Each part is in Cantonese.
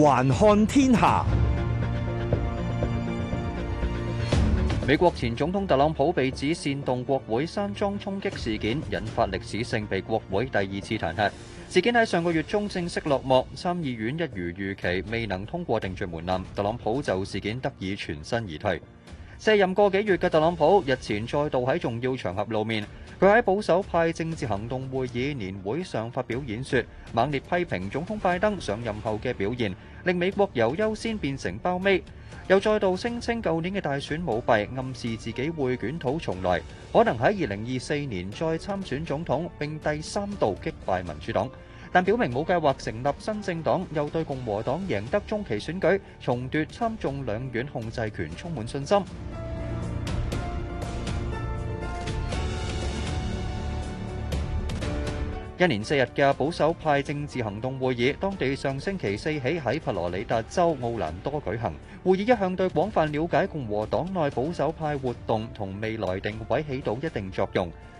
環看天下。美國前總統特朗普被指煽動國會山莊衝擊事件，引發歷史性被國會第二次彈劾。事件喺上個月中正式落幕，參議院一如預期未能通過定罪門檻，特朗普就事件得以全身而退。卸任個幾月嘅特朗普，日前再度喺重要場合露面。佢喺保守派政治行動會議年會上發表演說，猛烈批評總統拜登上任後嘅表現，令美國由優先變成包尾。又再度聲稱舊年嘅大選舞弊，暗示自己會捲土重來，可能喺二零二四年再參選總統，並第三度擊敗民主黨。但表明冇計劃成立新政黨，又對共和黨贏得中期選舉，重奪參眾兩院控制權充滿信心。一連四日嘅保守派政治行動會議當地上星期四起喺佛羅里達州奧蘭多舉行。會議一向對廣泛了解共和黨內保守派活動同未來定位起到一定作用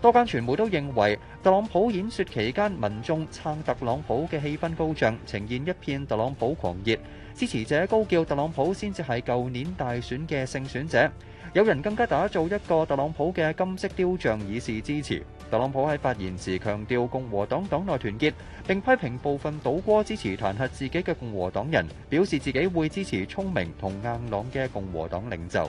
多間傳媒都認為特朗普演説期間，民眾撐特朗普嘅氣氛高漲，呈現一片特朗普狂熱。支持者高叫特朗普先至係舊年大選嘅勝選者。有人更加打造一個特朗普嘅金色雕像以示支持。特朗普喺發言時強調共和黨黨內團結，並批評部分倒戈支持彈劾自己嘅共和黨人，表示自己會支持聰明同硬朗嘅共和黨領袖。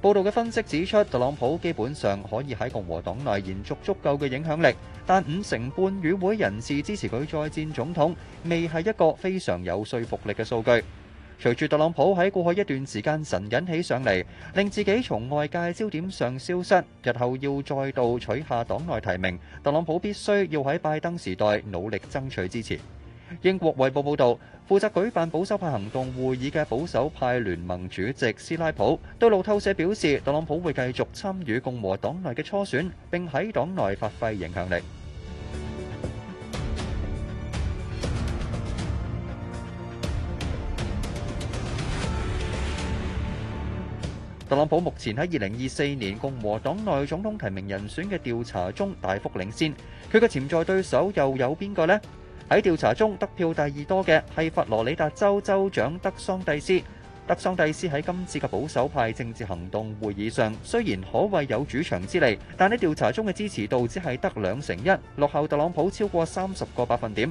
報道嘅分析指出，特朗普基本上可以喺共和黨內延續足夠嘅影響力，但五成半與會人士支持佢再戰總統，未係一個非常有說服力嘅數據。隨住特朗普喺過去一段時間神隱起上嚟，令自己從外界焦點上消失，日後要再度取下黨內提名，特朗普必須要喺拜登時代努力爭取支持。英國《衛報》報道。負責舉辦保守派行動會議嘅保守派聯盟主席斯拉普對路透社表示，特朗普會繼續參與共和黨內嘅初選，並喺黨內發揮影響力。特朗普目前喺二零二四年共和黨內總統提名人選嘅調查中大幅領先，佢嘅潛在對手又有邊個呢？喺調查中得票第二多嘅係佛羅里達州州長德桑蒂斯，德桑蒂斯喺今次嘅保守派政治行動會議上，雖然可謂有主場之利，但喺調查中嘅支持度只係得兩成一，落後特朗普超過三十個百分點。